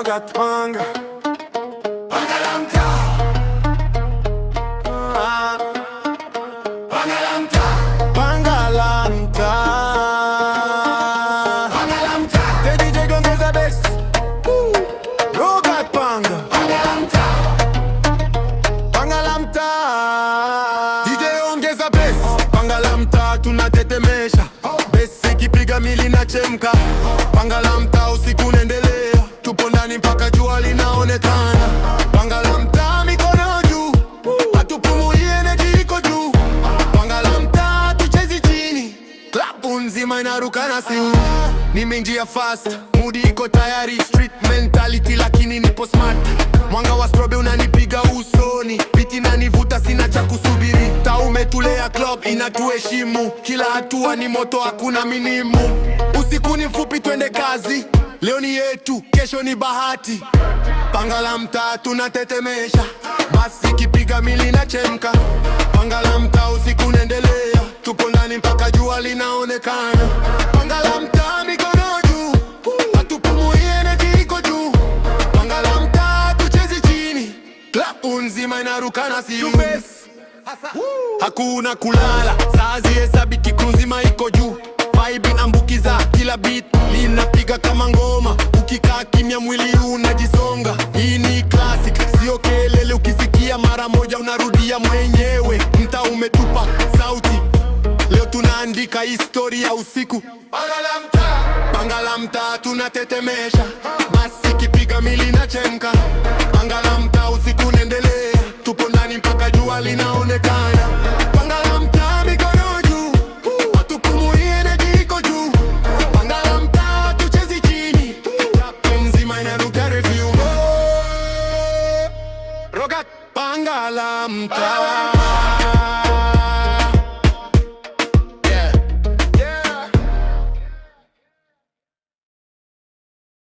Panga panga Pangalamta Pangalamta panga Pangalamta Pangalamta usiku nende lazima inaruka na sing. Nimeingia fast, mudi iko tayari, street mentality lakini nipo smart. Mwanga wa strobe unanipiga usoni, biti nanivuta, sina cha kusubiri. Taumetulea, club inatuheshimu, kila hatua ni moto, hakuna minimu. Usiku ni mfupi, twende kazi. Leo ni yetu, kesho ni bahati. Panga la mtaa tunatetemesha, basi kipiga mili na chemka Marekani. mtaa, mikono juu, juu. mtaa, tuchezi chini, klabu nzima inarukana Hakuna kulala, saa ziesabiki, kru nzima iko juu. Vibe inambukiza kila beat, linapiga kama ngoma. Ukikaa kimya, mwili unajisonga. Hii ni classic, sio kelele, ukisikia mara moja unarudia mwenyewe. Mtaa umetupa Andika historia usiku, banga la mtaa tunatetemesha, basi kipiga mili na chemka, banga la mtaa usiku nendele tupo ndani mpaka jua linaonekana, banga mikono jiko la mtaa